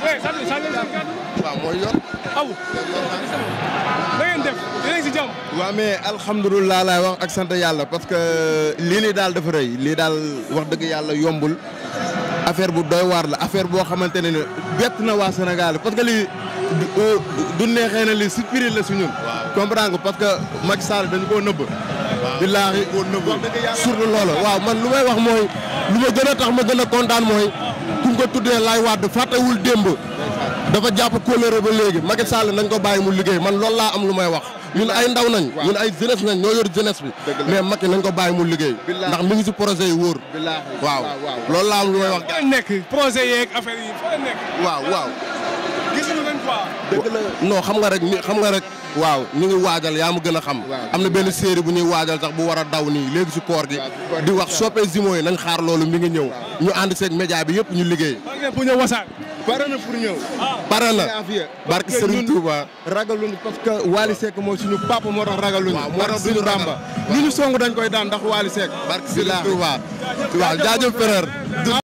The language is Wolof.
waaw mooy yor. aw da ngeen def yéen si jàmm. waaw mais alhamdulilah laay wax ak sant yàlla parce que euh, lii nii daal dafa rëy lii daal wax dëgg yàlla yombul affaire bu doy waar la affaire boo xamante ne bett na waa Sénégal parce que lii du euh, neexee na lii surprise la si ñun. comprendre parce que Macky Sall dañu koo nëbb. billaahi wax dëgg yàlla surtout loolu. waaw man lu may wax mooy lu ma gën a tax ma gën a kontaan mooy. ku nga tuddee Laay Wàdd fàttewul démb dafa jàpp kóllëre ba léegi Macky Sall nañ ko bàyyi mu liggéey man loolu laa am lu may wax ñun ay ndaw nañ ñun ay jeunesse nañ ñoo yor jeunesse bi mais Macky nañ ko bàyyi mu liggéey ndax mi ngi si projet yi wóor waaw loolu laa am lu may wax nekk projet yeeg waaw waaw gisuñu xam nga rek xam nga rek waaw ñu ngi waajal yaa mu gën a xam am na benn série bu ñuy waajal sax bu war a daw nii léegi si koor gi di wax soppee zimo yi nañ xaar loolu mi ngi ñëw ñu ànd seen média bi yëpp ñu liggéey. pour ñëw wasaar. pare na pour ñëw. pare ah. na barke Serigne Touba. ragaluñu parce que Wally Seck moo suñu papa moo tax ragaluñu. waaw moo tax suñu ràmba. li ñu song dañ koy daan ndax Wally Seck. barke Serigne Touba. waaw jaajëf frère.